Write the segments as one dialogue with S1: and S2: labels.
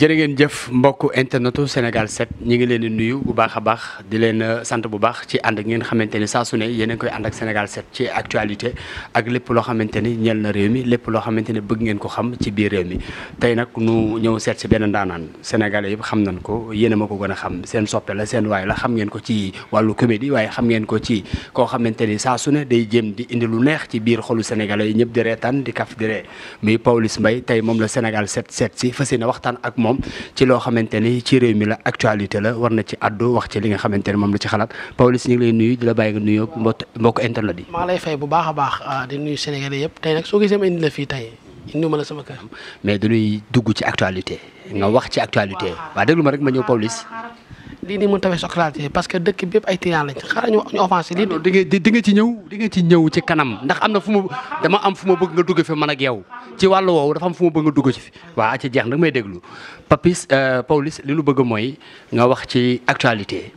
S1: jërë ngeen jëf mbokk internetu Sénégal set ñi ngi leen di nuyu bu baax a baax di leen euh, sant bu baax ci ànd ak ngeen xamante ni saa su ne koy ànd ak Sénégal 7 ci actualité ak lépp loo xamante ni ñeel na réew mi lépp loo xamante ni bëgg ngeen ko xam ci biir réew mi tey nag nu ñëw seet si benn ndaanaan sénégalais yëpp xam nañ ko yéen a ko gën a xam seen soppe seen waay la xam ngeen ko ci wàllu comédie waaye xam ngeen ko ci koo xamante ni saa su ne day jéem di indi lu neex ci biir xolu sénégalais yi ñëpp di reetaan di kaf di ree muy Pawlish Mbaye tey moom la Sénégal 7 waxtaan ak moom moom ci loo xamante ci réew mi la actualité la war na ci àddu wax ci li nga xamante ni moom la ci xalaat Pawlish ñu ngi lay di la bàyyi nga nuyoo mbokk internet yi.
S2: maa lay fay bu baax a baax ah, di nuyu Sénégalais yëpp tey nag soo gisee ma indi la fii tey indi ma la sama kër.
S1: mais dañuy dugg ci actualité nga wax ci actualité waaw déglu ma rek ma ñëw Pawlish
S2: lii nii mën tawee Socrate parce que dëkk bépp ay tiyaan lañ xaaral ñu ñu offensé lii
S1: di di nga ci ñëw di nga ci ñëw ci kanam ndax am na fu ma dama am fu ma bëgg nga dugg fi man a geew ci wàllu woowu dafa am fu ma bëgg nga dugg ci fi waa ci jeex nag may déglu Papis euh, Paulis li lu bëgg mooy nga wax ci actualité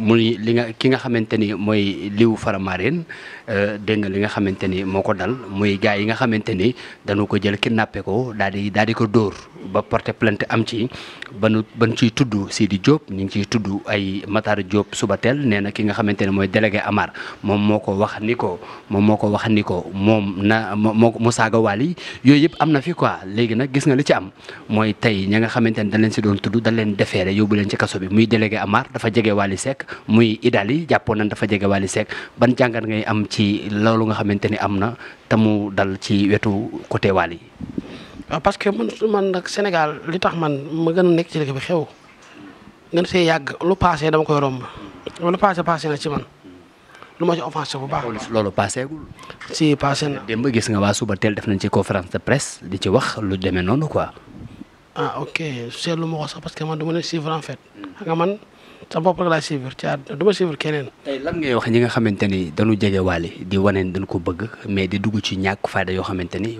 S1: muy li nga ki nga xamante ni mooy liw Faramareen euh, dégg nga li nga xamante ni moo ko dal muy gars yi nga xamante ni dañu ko jël kidnappé ko daal di daal di ko dóor ba porte plante am ci ba nu ba nu ciy tudd di Diop ñu ngi ciy tudd ay Matar Diop Subatel nee na ki nga xamante ne mooy délégué Amar moom moo ko wax ni ko moom moo ko wax moom na moo mu saaga Wally yooyu yëpp am na fi quoi léegi nag gis nga li ci am mooy tey ña nga xamante ni dañ leen si doon tudd dañ leen defeere yóbbu leen ci kaso bi muy délégué dafa jege Wally Seck muy Idali jàppoon nañ dafa jege Wally Seck ban jàngat ngay am ci loolu nga xamante ni am na te mu dal ci wetu côté Wally yi.
S2: Ah, waaw parce que man man nag Sénégal li tax man ma gën a nekk ci dëkk bi xew gën see yàgg lu passé dama koy romb lu passé passé na ci man lu ma ci offensé bu baax.
S1: loolu passé si passé na. démb gis nga waa suba teel def nañ ci conférence de presse di ci wax lu demee noonu quoi.
S2: ah ok seetlu ma sax parce man du ma ne suivre en fait xam man. sa bopp rek laay suivre ci àdduna du ma suivre keneen.
S1: tey lan ngay wax ñi nga xamante ni dañu jege Wally di waneen dañ ko bëgg mais di dugg ci ñàkk fayda yoo xamante ni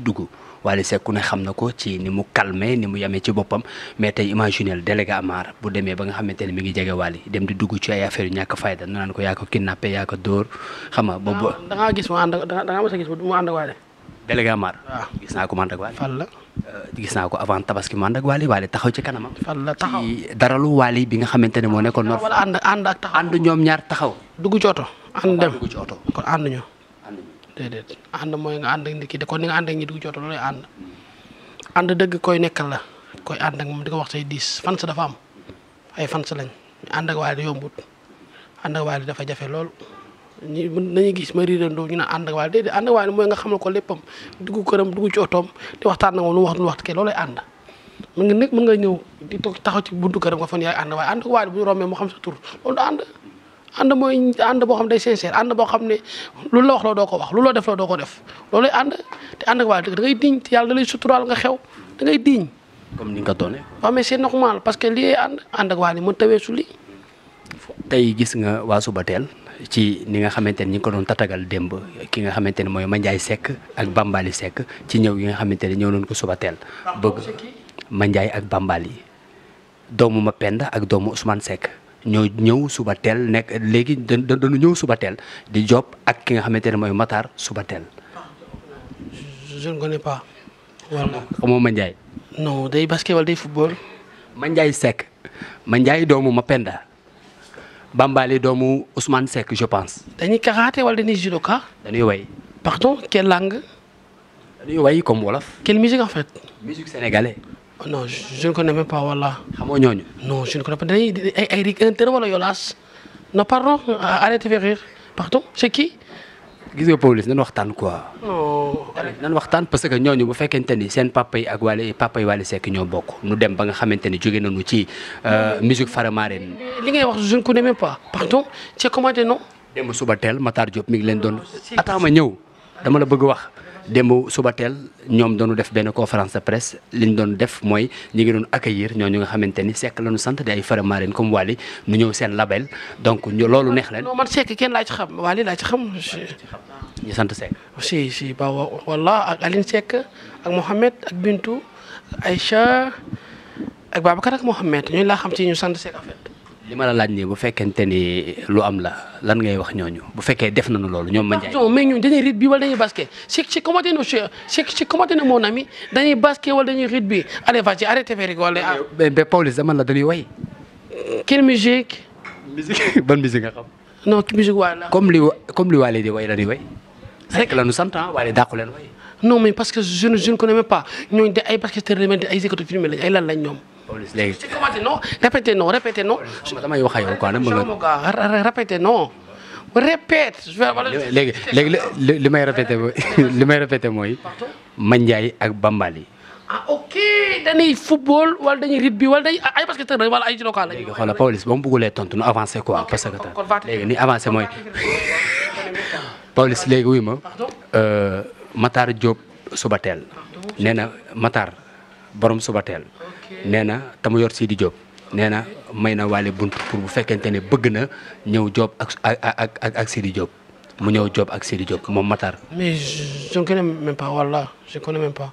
S1: dugg Wally Seck ne xam na ko ci ni mu calmé ni mu yemee ci boppam mais tey imaginel délégué Amar bu demee ba nga xamante ni mi ngi jege Wally dem di dugg ci ay affaire yu ñàkk fayda naan ko yaa ko kidnappé yaa ko dóor xam nga. boobu
S2: da ngaa gis mu ànd da ngaa mës a gis mu ànd ak
S1: délégué Amar. waaw ah. gis naa ko man ak Waly. la euh, gis naa ko avant tabaski man ak Waly Waly taxaw ci kanamam. fan
S2: la taxaw ci
S1: daralu Waly bi nga xamante ne moo ah, nekkoon. noor wala
S2: ànd ànd ak taxaw ànd ñoom ñaar taxaw. dugg ci oto dem dugg ci oto kon ànd ñu. ànd ñu ànd mooy nga ki kon ni nga ànd ak ñi dugg ci oto ànd. dëgg koy nekkal la. koy ànd ak moom di ko wax say diis fan sa dafa am ay fans sa lañ ànd ak Waly yombut ànd dafa jafe lool. ñu gis ma riirandoo ñu naan ànd ak waale déedéet ànd ak mooy nga xamal ko léppam dugg këram dugg di waxtaan ak lu mu wax waxtu kee bu ñu rombee mu xam sa tur loolu ànd ànd mooy boo xam ne day xam ne lu la doo ko wax lu loo doo ko def loolay ànd te ànd ak waale dëgg da ngay diñ te yàlla da lay suturaal nga xew da diñ
S1: comme ni nga ko doonee
S2: waaw que lii ànd ànd ak waale mën tawee su lii
S1: tey gis nga waa suba teel ci ni nga xamante ni ñi ko doon tatagal démb ki nga xamante ni mooy Mandiaye Seck ak Bambali Seck ci ñëw yi nga xamante ne ñëw nañ ko suba teel bëgg ak Bambali doomu ma Penda ak doomu Ousmane sekk ñoo ñëw suba teel nekk léegi dañu ñëw suba teel di job ak ki nga xamante ne mooy Matar suba teel.
S2: je ne connais pas.
S1: wala xamoo Mandiaye.
S2: non day football.
S1: Mandiaye Seck Mandiaye doomu ma Penda. Bambaali doomu Ousmane Seck je pense.
S2: dañuy karaté wala dañuy judoka. dañuy way. pardon quelle langue.
S1: dañuy way comme wolof.
S2: quelle musique en fait. musique sénégalaise. Oh ne connais même pas wala. xamoo ñooñu. non je ne connais dañuy ay ay ay yolaas non pardon arrêtez de rire pardon c'est
S1: gis nga Pawlish nan waxtaan quoi. nan waxtaan parce que ñooñu bu fekkente ni seen papa ak Wally papa yi Wally Seck ñoo bokk nu dem ba nga xamante ni jóge nañu ci euh, musique faramaren.
S2: li ngay wax je ne connais même pas. pardon c'est comment non.
S1: démb suba teel Matar Diop mi ngi leen doon. attends ma ñëw dama la bëgg wax. démb suba teel ñoom doonu def benn conférence de presse li ñu doon def mooy ñu ngi doon accueillir ñooñu nga xamante ni sekk la sant di ay faramaareen comme Wally nu ñëw seen label donc loolu neex leen. non
S2: man Seck kenn laa xam Wally laa ci xam. ñu sant Seck. si si ba walla ak Aline Seck ak Mohamed ak Bintu Aïcha ak Babacar ak Mohamed ñooñu laa xam ci ñu sant Seck en fait. li
S1: ma la laaj nii bu fekkente ni lu am la lan ngay wax ñooñu bu fekkee def na nu loolu ñoom ma Ndiaye.
S2: mais ñun dañuy rythme bi wala dañuy basket c'est c'est comment tu c'est c'est comment tu mon ami dañuy basket wala dañuy rythme bi allez vas-y arrêtez feri wala.
S1: mais mais Pawlish dama euh, la comme li comme li Waly di way dañuy way. rek la nu ah,
S2: ne je ne connais de ay basketteurs lañ ay zikatu film ay lan lañ ñoom. léegi ci commenté non répété
S1: li may répété li may répété mooy Mandiaye ak Bambali.
S2: ah ok dañuy football wala dañuy rugby wala dañuy ay basketteurs lañu wala ay judoka lañu. léegi
S1: xoolal Pawlish ba mu bëggulee tontu nu avancé ni avancé mooy Pawlish léegi wuy ma euh, Matar Diop Subatel nee na borom Subatel. nee na tamu yor Sidi Diop nee na may na Wally bunt pour bu fekkente ne bëgg na ñëw Diop ak ak ak ak Sidi mu ñëw Diop ak Sidi Diop moom Matar.
S2: mais je ne connais même walla je connais même pas.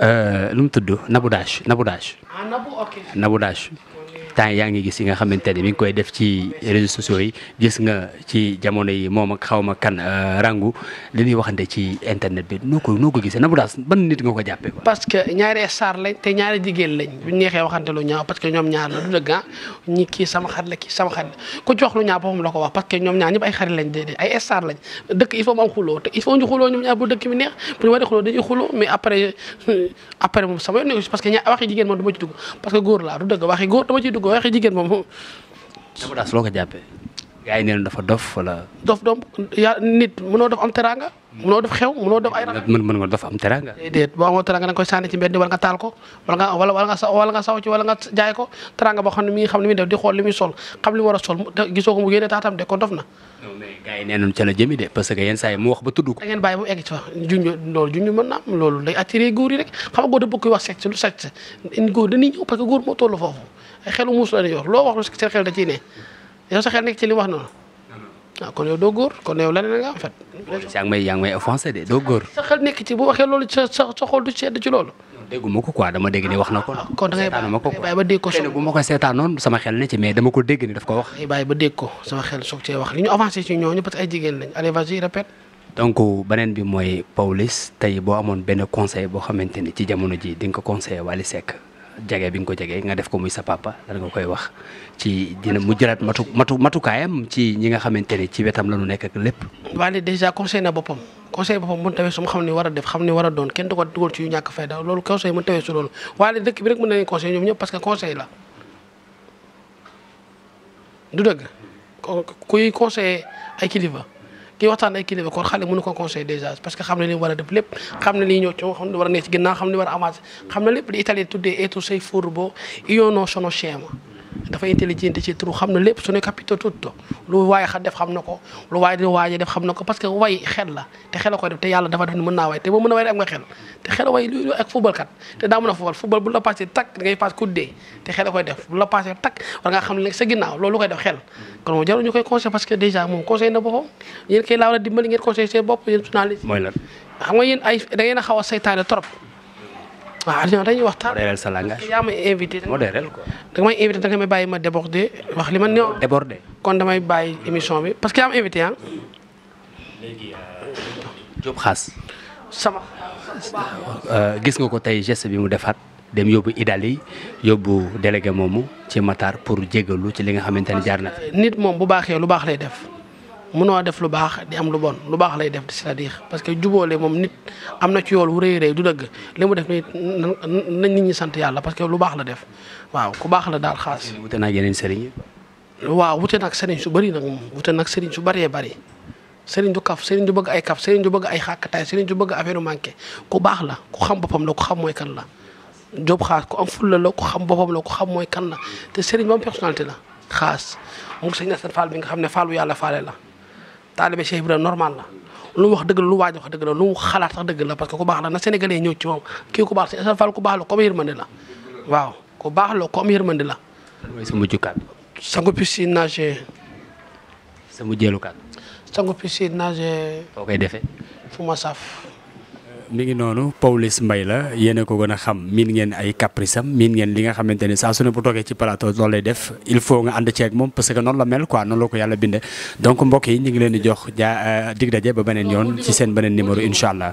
S1: lu euh, mu tudd Nabou Dash Nabou Dash.
S2: Ah,
S1: temps yaa ngi gis yi nga xamante ne mi ngi koy def ci réseaux sociaux yi gis nga ci jamono yi moom ak xaw ma kan euh, rangu li waxante ci internet bi noo ko noo ko bu
S2: ñu neexee ah. kii sama xarit la kii sama xarit la ku ci wax lu ñaaw boppam la wax parce que ñoom ñaar ñëpp dëkk il neex bu ñu war a xuloo dañuy xuloo mais après euh, moom sama yoon parce que ñaar waxi jigéen moom du ma ci dugg parce que góor laa du dëgg waxi góor dama ciy dugg boo waxee jigéen moom. sabotage
S1: loo ko jàppee. gars
S2: yi nit mënoo dof am teraanga. mënoo def xew mënoo
S1: def am teranga. déedéet
S2: da nga koy sànni ci mbedd wala nga taal ko wala nga wala wala nga jaay ko teranga boo xam ne mi ngi di xool li muy sol xam li war a sol gisoo mu wax ba tudd ko. loolu junj mën na rek xam nga da bëgg koy wax sexe lu sexe góor dañuy ñëw parce que góor moo toll foofu ay xelu muus la ñuy yor loo wax lu seen xel da ciy ne yow sa xel nekk ci li wax noonu. waaw ah, kon yow doo góor kon yow leneen nga am fat.
S1: yaa ngi may yaa ngi may offensé de doo góor.
S2: sa xel nekk ci bu waxee loolu sa sa xol du sedd ci loolu.
S1: dégguma ko quoi dama dégg ne wax na ko. Ah, kon da ngay bu ma ko seetaanoon sama xel ne ci mais dama ko dégg ni daf ko wax. da
S2: ngay bàyyi ba dégg ko sama xel soog cee wax li ñu avancé ci ñooñu parce que ay jigéen lañ allez vas-y répète. donc
S1: bi mooy Pawlish tey boo amoon benn conseil boo xamante ni ci jamono ji di nga ko conseillé Wally Seck jege bi nga ko jege nga def ko muy sa papa lan nga koy wax ci dina mu jëlaat matu matu matukaayam ci ñi nga xamante ni ci wetam la ñu nekk ak lépp.
S2: Wally déjà conseil na boppam conseil boppam bu ñu tawee su ma xam ni war a def xam ni war a doon kenn du ko dugal ci yu ñàkk fayda loolu conseil mu tawee su loolu Wally dëkk bi rek mën na conseil ñoom ñëpp parce que du dëgg kuy conseiller ay kilifa. kii waxtaan ay kilifa kon xale mënu ko conseil déjà parce que xam na li war a def lépp xam na li ne war a ne xam ne war a avancé xam na lépp li italien tuddee etu say furbo io no sono scemo dafa intelligente ci turu xam na lépp su ne capito tutto lu waaye xa def xam na ko lu waaye def xam na ko parce que way xel la te xel a koy def te yàlla dafa def ne mën naa way te boo mën a way am nga xel te xel a way lu ak football kat te daa mën a football football kon moom ñu koy conseil parce que déjà moom conseil na boppam yéen kay laaw la dimbali ngeen conseil mooy lan xam nga yéen ay da ngeen a xaw a saytaane trop waaw ñoom dañuy waxtaan modérel sa langage yaa invité modérel quoi da nga may may bàyyi ma déborder wax li ma néew déborder kon damay bàyyi émission bi parce que yaa am invité ah. euh, euh,
S1: gis nga ko tey geste bi mu defaat dem yóbbu Idali yóbbu délégué moomu ci Matar pour jégalu ci li nga xamante ne jaar na.
S2: nit moom bu baaxee lu baax lay def munoo def lu baax di am lu bon lu baax lay def c'est-à-dire parce que jubóole moom nit am na ci yool wu rëy rëy du dëgg li mu def nii nañ nit ñi sant yàlla parce que lu baax la def waaw ku baax la daal xaas. wute naa waaw wute nag sëriñ su bëri nag moom wute nag sëriñ su bëree bëri sëriñ du kaf sëriñ du bëgg ay kaf sëriñ du bëgg ay xàkkataay sëriñ du bëgg affaire manqué ku baax la ku xam boppam la kan la. Diop xaas ku am fulla la ku xam boppam la ku xam mooy kan la te sëriñ ba am personnalité la xaas mu ngi sëñ Assane Fall bi nga xam ne Fall bu yàlla faale la taalibe Cheikh Ibrahima normal la lu mu wax dëgg la lu waaj wax dëgg la lu mu xalaat sax dëgg la que baax na sénégalais ñëw ci moom kii ku baax waaw ku baax la ku am la
S1: mooy sa mujj kàddu
S2: sangu piscine nage sa mujjeelu koy defee fu ma saf
S1: mi ngi noonu Pawlish Mbaye la yéen a ko gën a xam miin ngeen ay caprice miin ngeen li nga xamante ne saa su ne bu toogee ci plateau loolu lay def il faut nga ànd ceeg moom parce que noonu la mel quoi noonu la ko yàlla binde donc mbokk yi ñu ngi leen di jox jaa euh, dig daje ba beneen yoon ci seen beneen numéro incha allah.